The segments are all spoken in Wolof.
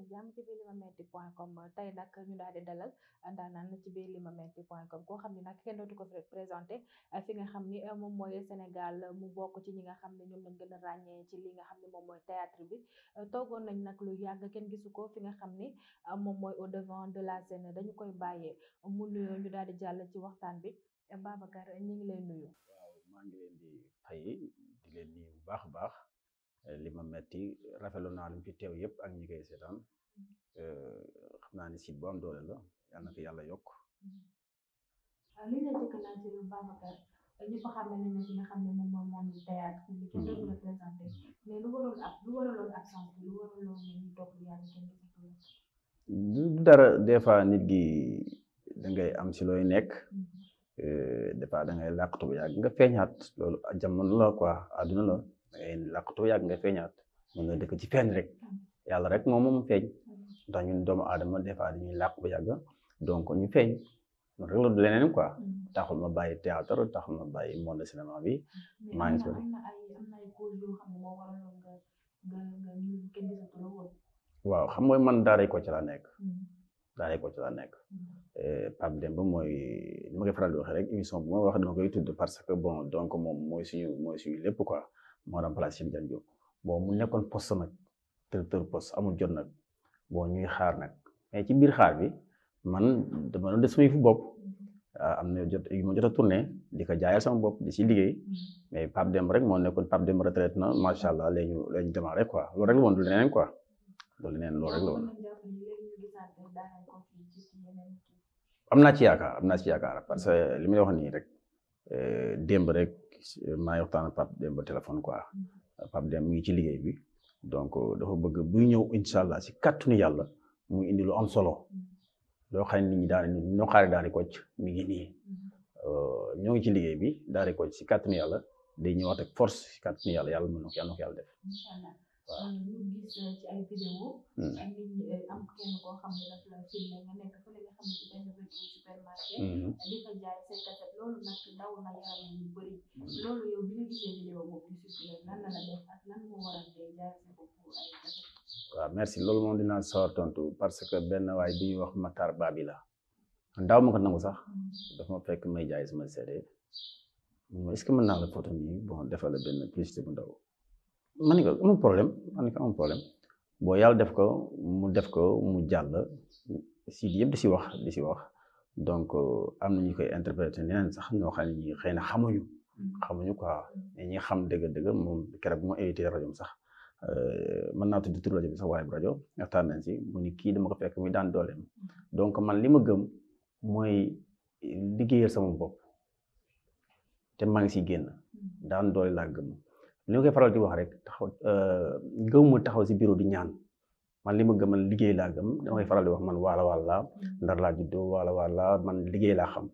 ak jàmm bi biir limametti point com tey nag ñu daal di dalal ndaanaan ci biir limametti point com koo xam ne nag kenn dootu ko présenté fi nga xam ni moom mooy Sénégal mu bokk ci ñi nga xam ne ñoom lañ gën a ràññee ci li nga xam ne moom mooy théâtre bi toogoon nañ nag lu yàgg kenn gisu ko fi nga xam ni moom mooy au devant de la scène dañu koy bàyyee mu nuyoo ñu daal di jàll ci waxtaan bi Babacar ñu ngi lay nuyu. waaw maa ngi leen di fay di leen nuyu baax a baax. Euh, lim ma metti rafetlu naa teew yëpp ak ñi koy mhm. euh, naa ne site bu am doole la yal yàlla yokk. Mhm. li fi nga xam ne moom mooy monde théâtre bi kenn du lu waroon ab lu waraloon lu dara des fois nit gi da am si looy nekk. Mhm. Euh, des fois da ngay làqatu ba nga feeñaat loolu jamono la Eh, làqatoo yàgg nga feeñaat mën na dëkk ci fenn rek yàlla rek moom moom feeñ ndax ñun doomu aadama des fois dañuy làq ba yàgg donc ñu feeñ rek la du leneen quoi taxul ma bàyyi théâtre taxul ma bàyyi monde cinéma bi maa ngi sori xam nga man daaray ko ci laa nekk hmm. daaray ko ci laa nekk hmm. eh, Pape mooy ni ma koy faral di waxee rek émission bu ma wax dama koy tudd parce que bon donc moom mooy suñu mooy lépp quoi moo remplacé Cheikh Tidiane Diop bon mu nekkoon poste nag directeur poste amul jot nag bon ñuy xaar nag mais ci biir xaar bi man dama doon def sama ah, am na jot yu ma jot a tourné di ko jaayal sama bopp di si liggéey mais Pape Demba rek moo nekkoon Pape Demba retraite na macha allah léegi ñu léegi ñu démarré quoi loolu rek la du leneen loolu leneen loolu rek la am naa ci yaakaar am naa ci yaakaar parce que li may wax nii rek eh, démb rek. maa ngi waxtaan ak Pape Demba téléphone quoi mm-hmm. Pape Demba mu ngi ci liggéey bi donc euh, dafa bëgg buy ñëw incha allah si kàttanu yàlla mu indi lu am solo mm-hmm. loo xam ne nit ñi daal di ñoo xaaree daal di ko mi ngi nii mm-hmm. euh, ñoo ngi ci liggéey bi daal di ko si kàttanu yàlla day ñëwaat ak force si kàttanu yàlla yàlla mën na ko yàlla def. Hmm. Eh, gis hmm. loolu hmm. merci loolu moom dinaa sawar parce que benn waay bi ñuy wax Matar Babi la daaw ma ko nangu sax daf ma fekk may jaay sama CD est que mën naa la photo nii bon defal benn publicité bu ndaw ma ko amul problème ma ko amul problème bo yalla def ko mu def ko mu ci si yeb di ci wax di ci wax donc euh, am na koy interpréter neneen sax ño xam ne xeyna xamuñu. xamuñu quoi ñi xam deug dëgg moom keroog mo éviter radio sax euh, mën naa tudd tur radio sax waaye radio waxtaan nañ si mu ni ki dama ko fekk mi daan dooleem donc man lima gëm moy liggéeyal sama bop té ma ngi ci génn daan la gëm ni ma faral di wax rek taxaw euh gëmuma taxaw ci bureau di ñaan man li gëm man liggéey la gëm da ngay faral di wax man wala wala mm. ndar la jiddo wala wala man liggéey la xam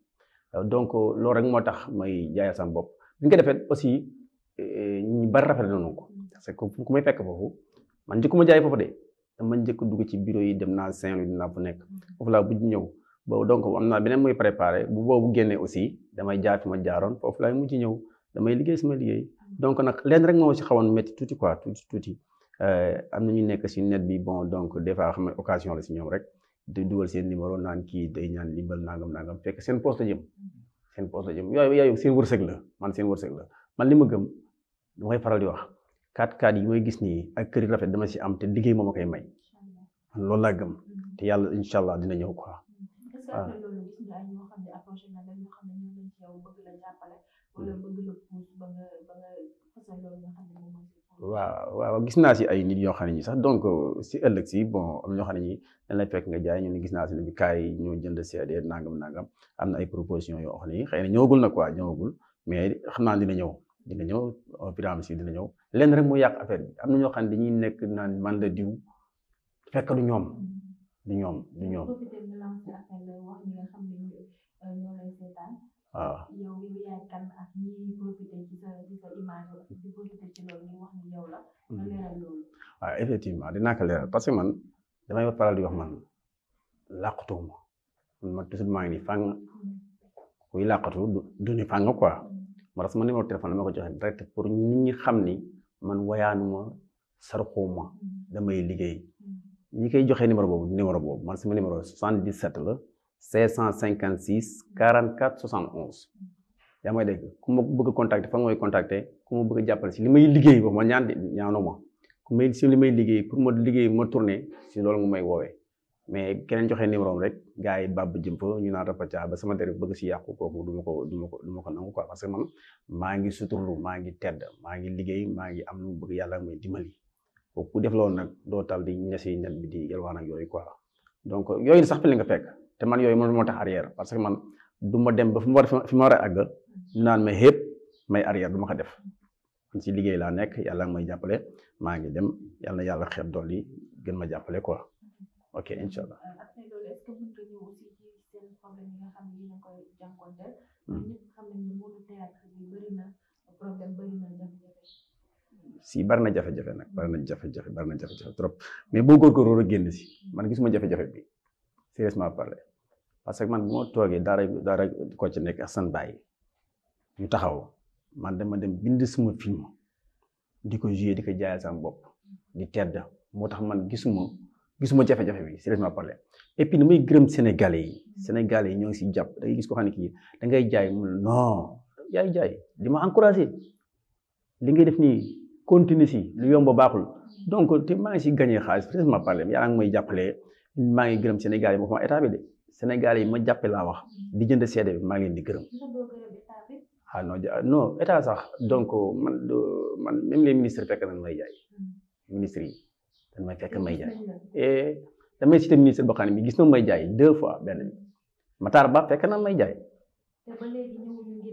eh, donc lo rek moo tax may jaayal sama bop bi ngi defet aussi eh, ñu bar rafet nañu ko parce que ku may fekk foofu man jikuma jaay fofu de man jikko dug ci bureau yi dem na Saint-Louis dinaa fu nek mm. fofu la bu ñew bo donc amna benen beneen muy préparé bu bobu génné aussi damay jaar fi ma jaaroon foofu laay mujj ñëw damay liggéey sama liggéey donc nag leen rek moo si xawoon métti tuuti quoi tuuti tuuti euh, am na ñu nekk si net bi bon donc des fois xam ne occasion la si ñoom rek di dugal seen numéro naan kii day ñaan limbal nangam nangam fekk seen poste la jëm seen poste la jëm yooyu yooyu seen wërsëg la man seen wërsëg la man li ma gëm dama koy faral di wax quatre quatre yi may gis nii ak kër yi rafet dama si am te liggéey moom a koy may man loolu laa gëm te yàlla incha allah dina ñëw quoi. waaw waaw gis naa si ay nit yoo xam ne ñi sax donc euh, si ëllëg si bon am ñoo xam ne ñi dañ lay fekk nga jaay ñoo ne gis naa si ne bi kaay ñoo jënd CD nangam nangam am na ay proposition yoo xam ne xëy na ñëwagul na quoi ñëwagul mais xam naa dina ñëw dina ñëw pyramide si dina ñëw lenn rek mu yàq affaire am na ñoo xam ne dañuy nekk naan man la diw fekk du ñoom du ñoom du ñoom waaw yow yow yaay kan la. leeral loolu. effectivement dinaa ko leeral parce que man damay wax paral di wax man làqatuwuma man ma toujours maa ngi nii fàng kuy làqatu du ni fàng quoi ma ne sama numéro téléphone dama ko joxe direct pour nit ñi xam ni man wayaanuma sarxuma damay liggéey ñi koy joxee numéro boobu numéro boobu man sama numéro 77 la. 556 44 71 ya, may dégg ku ma bëgg contacter fan mooy contacter ku ma bëgg jàppale si li may liggéey ba ma ñaan ñaanu ma ku may si li may liggéey pour ma liggéey ma tourner si loolu mu may woowee mais keneen joxe numéro rek gars yi bàbb jëm fa ñu naan rapatia ba sama der bëgg si yàqu kooku du ma ko du ma ko du ma ko nangu quoi parce que man maa ngi suturlu maa ngi tedd maa ngi liggéey maa ngi am lu bëgg yàlla may dimbali kooku ku def loolu nag doo tal di ñesi ñet bi di yelwaan ak yooyu quoi donc yooyu sax fi li nga fekk te man yooyu mo tax arrière parce que man duma dem ba fi mo wara ag nane war a ma xépp may arrière duma ko def man si liggéey nek yalla ngi may jappalé ma ngi dem yalla yalla yàlla doli gën ma jappalé quoi ok inshallah euh, hmm. si barna jafé jafé nak barna jafé jafé barna jafé jafé na jafe-jafe trop mais boo góorgóorlu rek génn si man ma jafé jafé bi sérieusement parler parce que man mo ma dara dara ko ci nek asan baye ñu taxaw man dama dem bind suma film diko jouer di ko jaayal sama bopp di tedd motax man gisuma gisuma jafe-jafe bi sérieusement parler et puis ni muy gërem sénégalais yi sénégalais yi ñoo ci si da ngay gis ko xani ki da ngay jaay mu non jaay jaay di ma encourager li ngay def ni continue ci lu yomb baaxul donc ti ma ngi gagner xaliss xaalis sérieusement parler yaa ngi may jappalé maa ngi gërëm Sénégal yi waxuma bi de yi ma jàppe laa wax di jënd seede bi maa ngi leen di gërëm. ah non sax donc man man même les ministres fekk nañ may jaay hmm. ministres yi fekk may jaay boo xam ne bi gis na may jaay deux fois benn Matar Ba fekk na may jaay.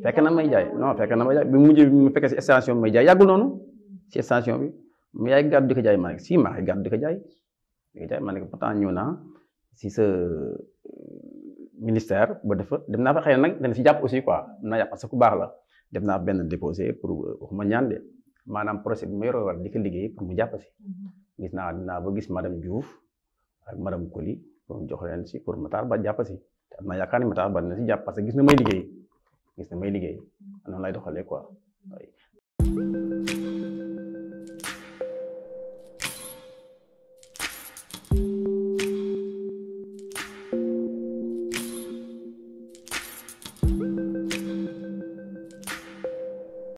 fekk na may jaay non fekk na may jaay bi mujj bi mu fekkee si station bi may jaay yàggul noonu si station bi mu yaay gàddu di ko jaay maa ngi si maa ngi gàddu di ko jaay. Ndeye Ndiaye ma ne ko pourtant ñëw naa si sa ministère ba dafa dem naa fa xëy nag dana si jàpp aussi quoi naa yàq parce ku baax la dem naa benn déposé pour waxuma ñaan de maanaam procès bi ma yore war di ko liggéey pour mu jàpp si gis naa dinaa ba gis madame Diouf ak madame Koli pour jox si pour Matar ba jàpp si te am naa yaakaar Matar ba dina si jàpp parce que gis na may eh, liggéey gis na may liggéey noonu lay doxalee quoi